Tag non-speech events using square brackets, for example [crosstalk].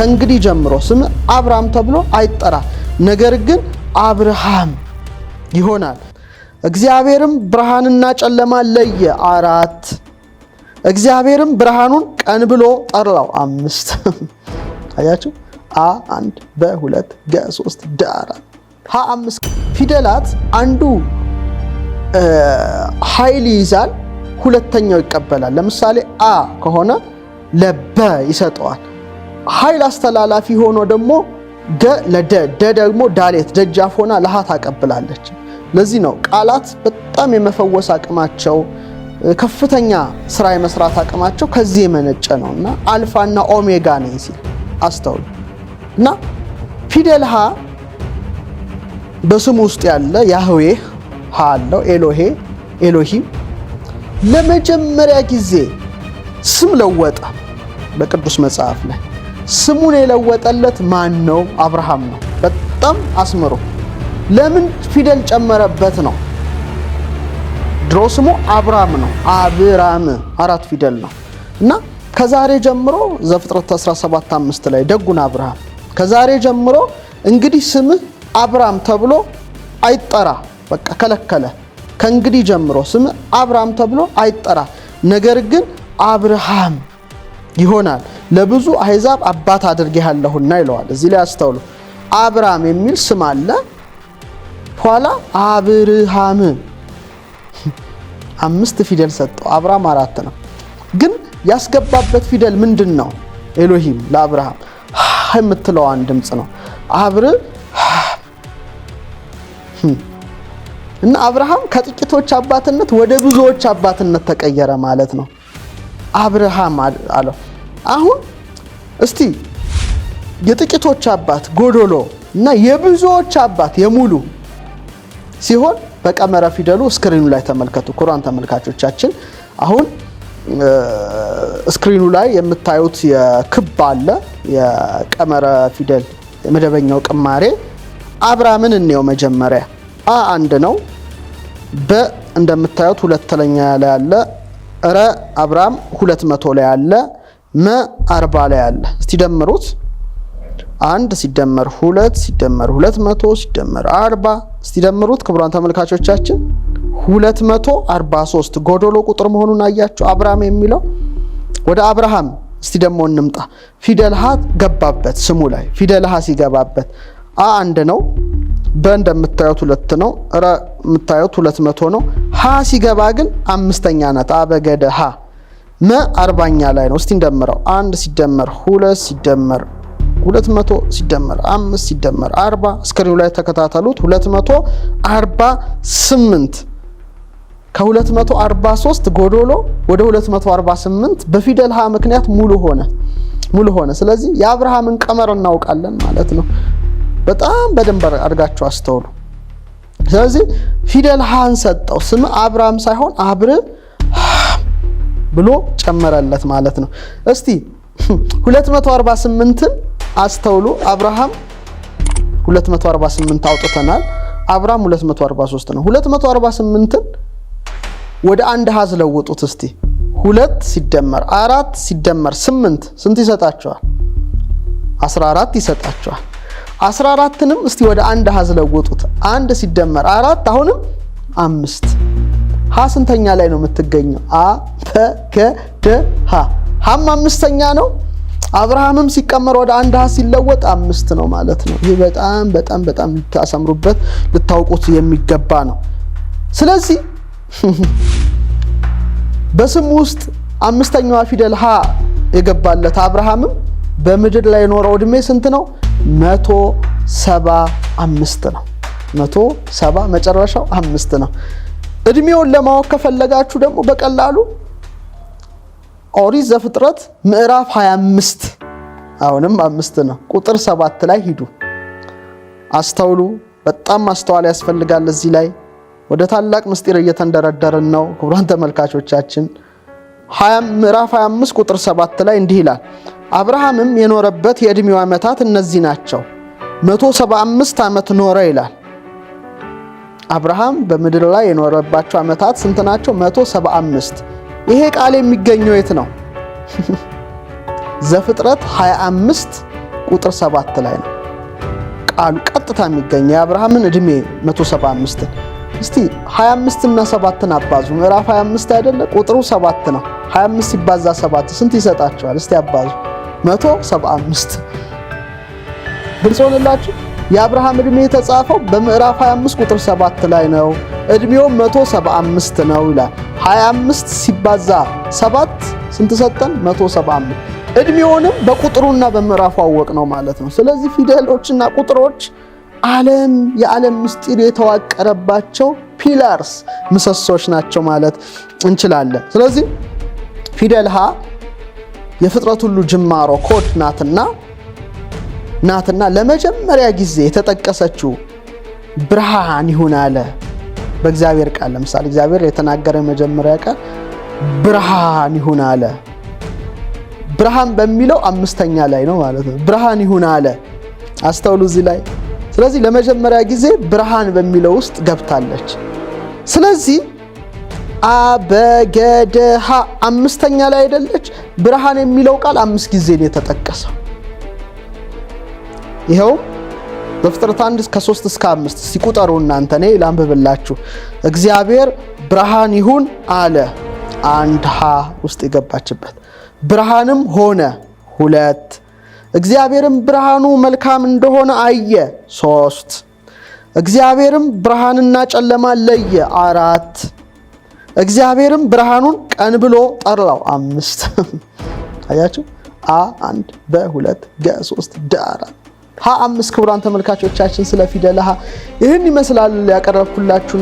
ከእንግዲህ ጀምሮ ስም አብርሃም ተብሎ አይጠራ፣ ነገር ግን አብርሃም ይሆናል። እግዚአብሔርም ብርሃንና ጨለማ ለየ፣ አራት እግዚአብሔርም ብርሃኑን ቀን ብሎ ጠራው፣ አምስት [laughs] አያችሁ። አ አንድ በሁለት ገ ሶስት ደ አራት ሀ አምስት ፊደላት አንዱ ኃይል ይይዛል፣ ሁለተኛው ይቀበላል። ለምሳሌ አ ከሆነ ለበ ይሰጠዋል። ኃይል አስተላላፊ ሆኖ ደግሞ ደ ለደ ደ ደግሞ ዳሌት ደጃፍ ሆና ለሃ ታቀብላለች። ለዚህ ነው ቃላት በጣም የመፈወስ አቅማቸው ከፍተኛ ስራ የመስራት አቅማቸው ከዚህ የመነጨ ነው እና አልፋና ኦሜጋ ነኝ ሲል አስተውል እና ፊደል ሃ በስሙ ውስጥ ያለ ያህዌ ሃ አለው ኤሎሄ ኤሎሂም ለመጀመሪያ ጊዜ ስም ለወጠ በቅዱስ መጽሐፍ ላይ ስሙን የለወጠለት ማን ነው? አብርሃም ነው። በጣም አስምሮ ለምን ፊደል ጨመረበት ነው። ድሮ ስሙ አብራም ነው። አብራም አራት ፊደል ነው እና ከዛሬ ጀምሮ ዘፍጥረት 17 አምስት ላይ ደጉን አብርሃም ከዛሬ ጀምሮ እንግዲህ ስምህ አብራም ተብሎ አይጠራ። በቃ ከለከለ። ከእንግዲህ ጀምሮ ስምህ አብራም ተብሎ አይጠራ፣ ነገር ግን አብርሃም ይሆናል ለብዙ አህዛብ አባት አድርጌሃለሁና ይለዋል። እዚህ ላይ አስተውሉ። አብራም የሚል ስም አለ፣ ኋላ አብርሃም አምስት ፊደል ሰጠው። አብራም አራት ነው፣ ግን ያስገባበት ፊደል ምንድን ነው? ኤሎሂም ለአብርሃም የምትለዋን ድምፅ ነው አብር እና አብርሃም ከጥቂቶች አባትነት ወደ ብዙዎች አባትነት ተቀየረ ማለት ነው። አብርሃም አለው። አሁን እስቲ የጥቂቶች አባት ጎዶሎ እና የብዙዎች አባት የሙሉ ሲሆን በቀመረ ፊደሉ ስክሪኑ ላይ ተመልከቱ። ኩራን ተመልካቾቻችን አሁን ስክሪኑ ላይ የምታዩት የክብ አለ የቀመረ ፊደል የመደበኛው ቅማሬ አብርሃምን እንየው። መጀመሪያ አ አንድ ነው። በ እንደምታዩት ሁለተኛ ላይ ያለ ረ አብርሃም ሁለት መቶ ላይ አለ። መ አርባ ላይ አለ። እስቲ ደምሩት። አንድ ሲደመር ሁለት ሲደመር ሁለት መቶ ሲደመር አርባ እስቲ ደምሩት። ክቡራን ተመልካቾቻችን ሁለት መቶ አርባ ሶስት ጎዶሎ ቁጥር መሆኑን አያችሁ። አብራም የሚለው ወደ አብርሃም እስቲ ደግሞ እንምጣ። ፊደል ሀ ገባበት ስሙ ላይ ፊደል ሀ ሲገባበት አ አንድ ነው። በ እንደምታዩት ሁለት ነው። ረ የምታዩት ሁለት መቶ ነው። ሀ ሲገባ ግን አምስተኛ ናት። አበገደ ሀ መ አርባኛ ላይ ነው። እስቲ እንደምረው። አንድ ሲደመር ሁለት ሲደመር ሁለት መቶ ሲደመር አምስት ሲደመር አርባ እስክሪኑ ላይ ተከታተሉት። ሁለት መቶ አርባ ስምንት ከሁለት መቶ አርባ ሶስት ጎዶሎ ወደ ሁለት መቶ አርባ ስምንት በፊደል ሀ ምክንያት ሙሉ ሆነ ሙሉ ሆነ። ስለዚህ የአብርሃምን ቀመር እናውቃለን ማለት ነው። በጣም በደንብ አድርጋችሁ አስተውሉ። ስለዚህ ፊደል ሀን ሰጠው ስም አብርሃም ሳይሆን አብር ብሎ ጨመረለት ማለት ነው። እስቲ 248ን አስተውሉ። አብርሃም 248 አውጥተናል። አብርሃም 243 ነው። 248ን ወደ አንድ ሀዝ ለውጡት እስቲ ሁለት ሲደመር አራት ሲደመር ስምንት ስንት ይሰጣቸዋል? 14 ይሰጣቸዋል። አስራ አራትንም እስቲ ወደ አንድ ሀዝ ዝለውጡት። አንድ ሲደመር አራት አሁንም አምስት። ሀ ስንተኛ ላይ ነው የምትገኘው? አ ተ ከ ደ ሀ ሀም አምስተኛ ነው። አብርሃምም ሲቀመር ወደ አንድ ሀ ሲለወጥ አምስት ነው ማለት ነው። ይህ በጣም በጣም በጣም ልታሰምሩበት ልታውቁት የሚገባ ነው። ስለዚህ [laughs] በስሙ ውስጥ አምስተኛዋ ፊደል ሀ የገባለት አብርሃምም በምድር ላይ የኖረው ዕድሜ ስንት ነው? መቶ ሰባ አምስት ነው። መቶ ሰባ መጨረሻው አምስት ነው። እድሜውን ለማወቅ ከፈለጋችሁ ደግሞ በቀላሉ ኦሪት ዘፍጥረት ምዕራፍ 25 አሁንም አምስት ነው። ቁጥር ሰባት ላይ ሂዱ። አስተውሉ። በጣም ማስተዋል ያስፈልጋል። እዚህ ላይ ወደ ታላቅ ምስጢር እየተንደረደርን ነው። ክቡራን ተመልካቾቻችን ምዕራፍ 25 ቁጥር ሰባት ላይ እንዲህ ይላል አብርሃምም የኖረበት የዕድሜው ዓመታት እነዚህ ናቸው፣ 175 ዓመት ኖረ ይላል። አብርሃም በምድር ላይ የኖረባቸው ዓመታት ስንት ናቸው? 175። ይሄ ቃል የሚገኘው የት ነው? [laughs] ዘፍጥረት 25 ቁጥር 7 ላይ ነው ቃሉ ቀጥታ የሚገኘው የአብርሃምን ዕድሜ 175 እስቲ 25 እና 7ን አባዙ። ምዕራፍ 25 አይደለ? ቁጥሩ 7 ነው። 25 ሲባዛ 7 ስንት ይሰጣቸዋል? እስቲ አባዙ። 175 ግልጽ ሆነላችሁ። የአብርሃም እድሜ የተጻፈው በምዕራፍ 25 ቁጥር 7 ላይ ነው። ዕድሜውም 175 ነው ይላል። 25 ሲባዛ 7 ስንት ሰጠን? 175። እድሜውንም በቁጥሩና በምዕራፉ አወቅ ነው ማለት ነው። ስለዚህ ፊደሎችና ቁጥሮች ዓለም የዓለም ምስጢር የተዋቀረባቸው ፒላርስ ምሰሶች ናቸው ማለት እንችላለን። ስለዚህ ፊደል ሀ የፍጥረት ሁሉ ጅማሮ ኮድ ናትና ናትና ለመጀመሪያ ጊዜ የተጠቀሰችው ብርሃን ይሁን አለ። በእግዚአብሔር ቃል ለምሳሌ እግዚአብሔር የተናገረ የመጀመሪያ ቃል ብርሃን ይሁን አለ። ብርሃን በሚለው አምስተኛ ላይ ነው ማለት ነው። ብርሃን ይሁን አለ። አስተውሉ እዚህ ላይ። ስለዚህ ለመጀመሪያ ጊዜ ብርሃን በሚለው ውስጥ ገብታለች። ስለዚህ አበገደሀ አምስተኛ ላይ አይደለች? ብርሃን የሚለው ቃል አምስት ጊዜ ነው የተጠቀሰው። ይኸው በፍጥረት አንድ ከሶስት እስከ አምስት ሲቁጠሩ እናንተ ኔ ላንብብላችሁ። እግዚአብሔር ብርሃን ይሁን አለ፣ አንድ ሃ ውስጥ የገባችበት ብርሃንም ሆነ ሁለት። እግዚአብሔርም ብርሃኑ መልካም እንደሆነ አየ፣ ሶስት። እግዚአብሔርም ብርሃንና ጨለማ ለየ፣ አራት እግዚአብሔርም ብርሃኑን ቀን ብሎ ጠራው። አምስት አያችሁ፣ አ አንድ በሁለት ገ ሶስት ደ አራት ሀ አምስት። ክቡራን ተመልካቾቻችን ስለ ፊደል ሀ ይህን ይመስላል ያቀረብኩላችሁ።